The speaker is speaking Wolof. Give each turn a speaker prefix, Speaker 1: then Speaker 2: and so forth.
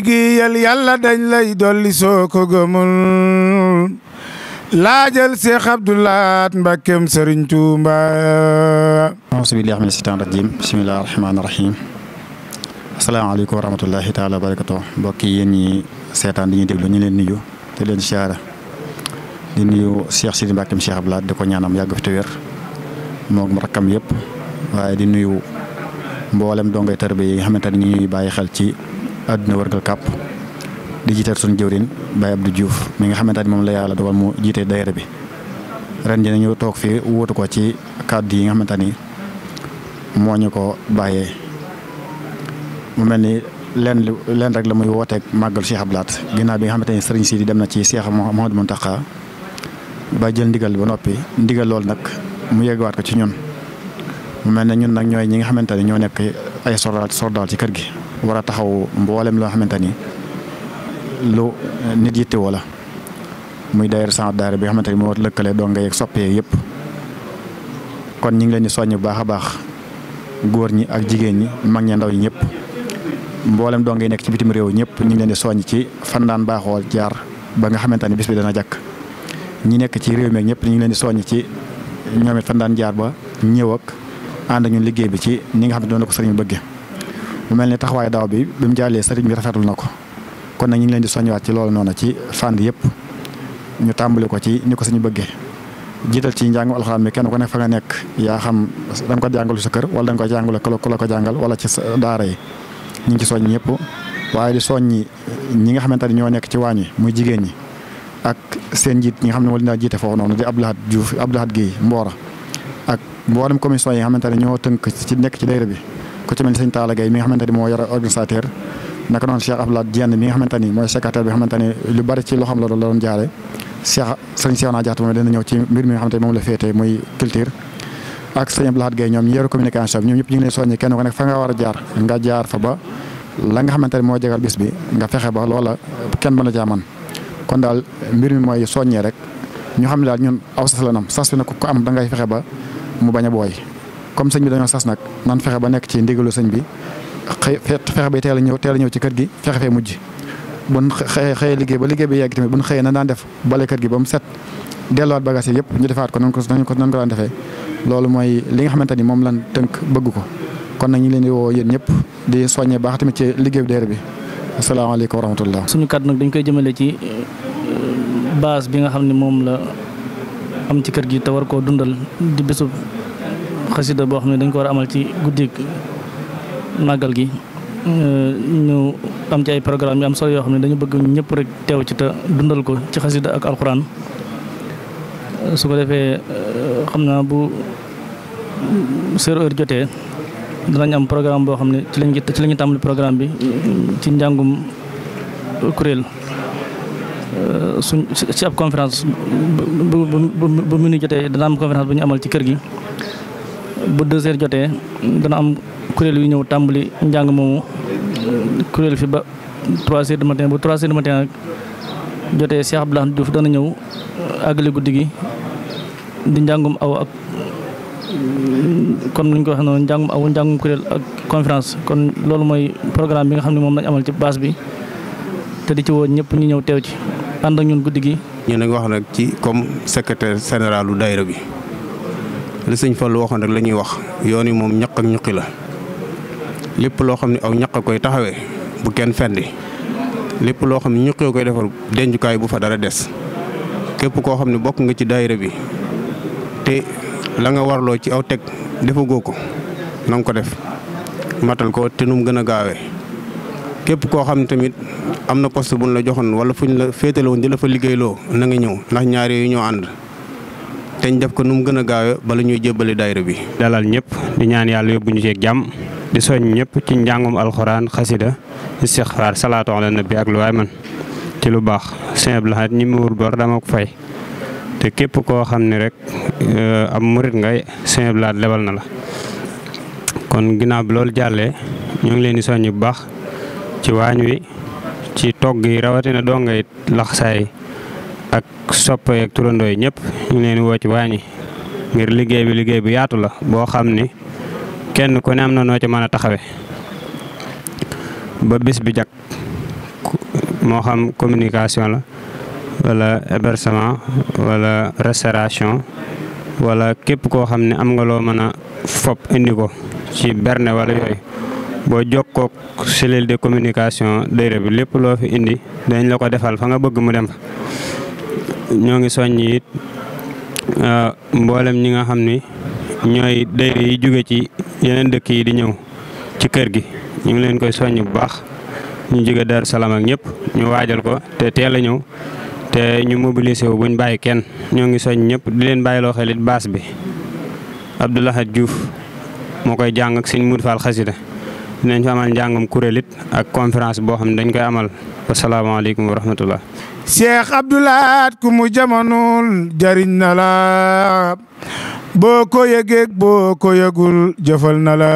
Speaker 1: liggéeyal yàlla dañ lay dolli soo ko gëmul laajal Seex Abdulaat Mbàkkeem Sëriñ Tuuba
Speaker 2: aousubillahi mina sheytaan rajim bismillahi rahmaani rahim asalaamaaleykum wa rahmatullahi taala wa barakatuh mbokk yi yéen ñi seetaan di ñuy déglu ñu leen nuyu te leen siyaara di nuyu Seex Sidi Mbàkkeem Seex Abdulaat di ko ñaanam yàgg fi te wér moog rakkam yëpp waaye di nuyu mboolem dongay tarbiya yi nga xamante ne ñuy bàyyi xel ci àdduna wërgal kàpp di jiital suñu jëwriñ ba Abdou Diouf mi nga xamante ni moom la yàlla dogal mu jiitee daayira bi ren ji nañu toog fii wóotu ko ci kàddu yi nga xamante ni moo ñu ko bàyyee mu mel ni leen leen rek la muy wooteeg màggal Cheikh Abdou Lahad ginnaaw bi nga xamante ni sëriñ si di dem na ci moo Cheikh Mouhamadou Mountakha ba jël ndigal ba noppi ndigal loolu nag mu yeggawaat ko ci ñun mu mel ne ñun nag ñooy ñi nga xamante ne ñoo nekk ay sordaal sordaal ci kër gi war a taxaw mboolem loo xamante ni lu nit yittewoo la muy daayira sant daayira bi nga xamante ni moo lëkkale doo ngay soppee yëpp kon ñu ngi leen di soññ bu baax a baax góor ñi ak jigéen ñi mag ñi ndaw ñi ñëpp mboolem doo ngay nekk ci bitim réew ñëpp ñu ngi leen di soññ ci fan daan baaxoo jaar ba nga xamante ni bis bi dana jàkk ñi nekk ci réew mi ñëpp ñu ngi leen di soññ ci ñoom it fan daan jaar ba ñëw ak ànd ak liggéey bi ci ni nga xam ne doon la ko sëriñ bëgge mu mel ni ne waaye daaw bi bi mu jàllee sëriñ bi rafetlu na ko kon nag ñu leen di soññiwaat ci loolu noonu ci fànn yëpp ñu tàmbali ko ci ni ko suñu bëggee jiital ci njàngu alxuraan bi kenn ku nekk fa nga nekk yaa xam da ko jàngal sa kër wala da nga ko jàngale ku la ko jàngal wala ci daara yi ñu ngi ci soññ ñëpp waaye di soññi ñi nga xamante ne ñoo nekk ci waañ wi muy jigéen ñi ak seen njiit ñi nga xam ne wala dinaa jiite foofu noonu di Abdoulahat Diouf Abdoulahat Guèye Mbora ak mboolem commission yi nga xamante ne ñoo tënk ci nekk ci dayra bi ku ci mel ni sëñ Talla Gueye mi nga xamante ni moo yore organisateur naka noonu Cheikh Abdoulaye Dieng mi nga xamante ni mooy secrétaire bi nga xamante ni lu bari ci loxoom la doon la doon jaare Cheikh sëñ Cheikh naa jaxte moom dina ñëw ci mbir mi nga xamante ni moom la féetee muy culture ak sëñ Abdoulaye Gueye ñoom ñi yore communication ñoom ñëpp ñu ngi leen nekk fa nga war a jaar nga jaar fa ba la nga xamante ni moo jegal bis bi nga fexe ba loola kenn mën a jaaman kon daal mbir mi mooy soññee rek ñu xam ne daal ñun aw sas la nam sas bi nag ku am da ngay fexe ba mu bañ a booy comme sëñ bi dañoo sas nag nan fexe ba nekk ci ndigalu sëñ bi xëy fexe ba teel a ñëw teel a ñëw ci kër gi fexe fee mujj bu ñu xëyee xëyee liggéey ba liggéey bi yegg tamit bu ñu xëyee nan daan def bale kër gi ba mu set delluwaat bagages yi yëpp ñu defaat ko nan ko nan ko daan defee loolu mooy li nga xamante ni moom lan tënk bëgg kon nag ñu leen di woo yéen ñëpp di soññee baax tamit ci liggéey daayira bi asalaamaaleykum wa rahmatullah
Speaker 3: suñu kàddu nag dañ koy jëmale ci euh, base bi nga xam ne moom la am ci kër gi te war koo dundal di bésub xasida boo xam ne dañ ko war a amal ci guddik gi am ci ay programme yoo xam ne dañu bëgg ñëpp rek teew ci te dundal ko ci xasida ak alxuraan su ko defee xam naa bu zéro heure jotee danañ am programme boo xam ne ci lañ ci la ñu tàmbali programme bi ci njàngum kuréel suñ ci ab conférence bu bu bu bu jotee dana am conférence bu amal ci kër gi bu deux heures jotee dana am kuréel yu ñëw tàmbali njàng moomu kuréel fi ba trois heures du matin bu trois heures du matin rek jotee Cheikh Abdoulaye Diouf dana ñëw àggale guddi gi di njàngum aw ak comme nuñ ko waxee noonu njàngum aw njàngum kuréel ak conférence kon loolu mooy programme bi nga xam ne moom lañ amal ci base bi te di ci woo ñëpp ñu ñëw teew ci ànd ak ñun guddi gi.
Speaker 1: ñu nag wax nag ci comme secretaire général u bi. li sëñ Fall waxoon rek la ñuy wax yoon yi moom ñakk ak ñuqi la lépp loo xam ne aw ñaq koy taxawee bu kenn fendi lépp loo xam ne ñuqee koy defar dencukaay bu fa dara des képp koo xam ne bokk nga ci daayira bi te la nga warloo ci aw teg defagoo ko nang ko def matal ko te nu mu gën a gaawee képp koo xam ne tamit am na poste bu ñu la joxoon wala fu ñu la féetale woon di la fa liggéeyloo na nga ñëw ndax ñaar yooyu ñoo ànd te def ko nu mu gën a bala ñuy jébbali dayre
Speaker 4: bi. dalal ñëpp di ñaan yàlla yóbbu ñu ceeg jàmm di soñ ñëpp ci njàngum alxuraan xasida istixfaar salaatu ala nabi ak lu waay man ci lu baax sëñ Abdou ñi mu wër bor dama ko fay te képp koo xam ne rek eh, am murit ngay sëñ Abdou lebal na la kon ginaaw bi loolu jàllee ñoo ngi leen di soññ bu baax ci waañ wi ci togg yi rawatina doo ngay saay ak soppe ak turandoo yi ñëpp ñu leen woo ci waañi ngir liggéey bi liggéey bu yaatu la boo xam ni kenn ku ne am na noo ci mën a taxawe ba bis bi jag moo xam communication la wala hébergement wala restauration wala képp koo xam ne am nga loo mën a fob indi ko ci berne wala yooyu boo jokkoo cellule de communication dayra bi lépp loo fi indi dañ la ko defal fa nga bëgg mu dem fa ñoo ngi soññ it ah, mboolem ñi nga xam ni ñooy dayre yi jóge ci yeneen dëkk yi di ñëw ci kër gi ñu ngi leen koy soññ bu baax ñu jóge Daaru Salaam ak ñëpp ñu waajal ko te teel a ñëw te ñu mobilisé wu buñ bàyyi kenn ñoo ngi soñ ñëpp di leen bàyyi loo baas bi Abdou Lahad Diouf moo koy jàng ak sëñ Mourou Fall xasida dinañ fa amal njàngam kuréel it ak conférence boo xam ne dañ koy amal wasalaamaaleykum wa rahmatullah
Speaker 1: Cheikh Abdoulaat ku mu jamonul jariñ na la boo ko yëgeeg boo ko yëgul jëfal na la